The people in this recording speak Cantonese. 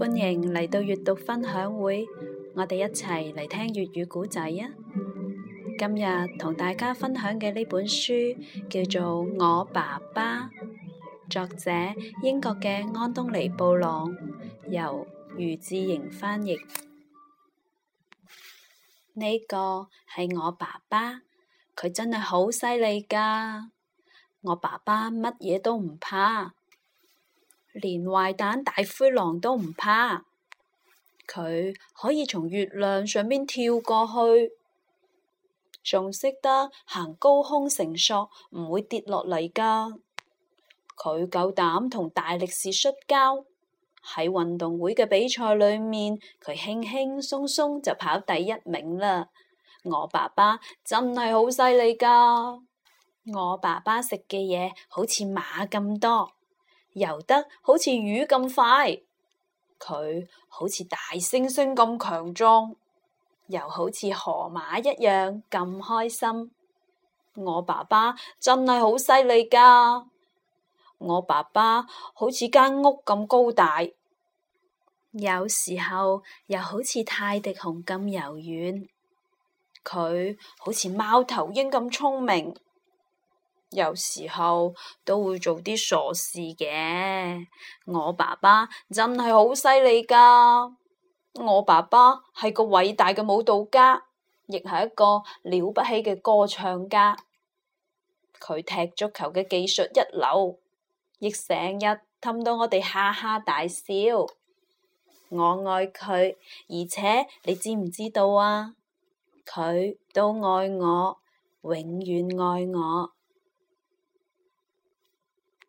歡迎嚟到閱讀分享會，我哋一齊嚟聽粵語故仔呀！今日同大家分享嘅呢本書叫做《我爸爸》，作者英國嘅安東尼布朗，由余志瑩翻譯。呢個係我爸爸，佢真係好犀利噶！我爸爸乜嘢都唔怕。連壞蛋大灰狼都唔怕，佢可以從月亮上面跳過去，仲識得行高空繩索，唔會跌落嚟噶。佢夠膽同大力士摔跤，喺運動會嘅比賽裏面，佢輕輕鬆鬆就跑第一名啦。我爸爸真係好犀利噶，我爸爸食嘅嘢好似馬咁多。游得好似魚咁快，佢好似大猩猩咁強壯，又好似河馬一樣咁開心。我爸爸真係好犀利㗎，我爸爸好似間屋咁高大，有時候又好似泰迪熊咁柔軟，佢好似貓頭鷹咁聰明。有時候都會做啲傻事嘅。我爸爸真係好犀利㗎，我爸爸係個偉大嘅舞蹈家，亦係一個了不起嘅歌唱家。佢踢足球嘅技術一流，亦成日氹到我哋哈哈大笑。我愛佢，而且你知唔知道啊？佢都愛我，永遠愛我。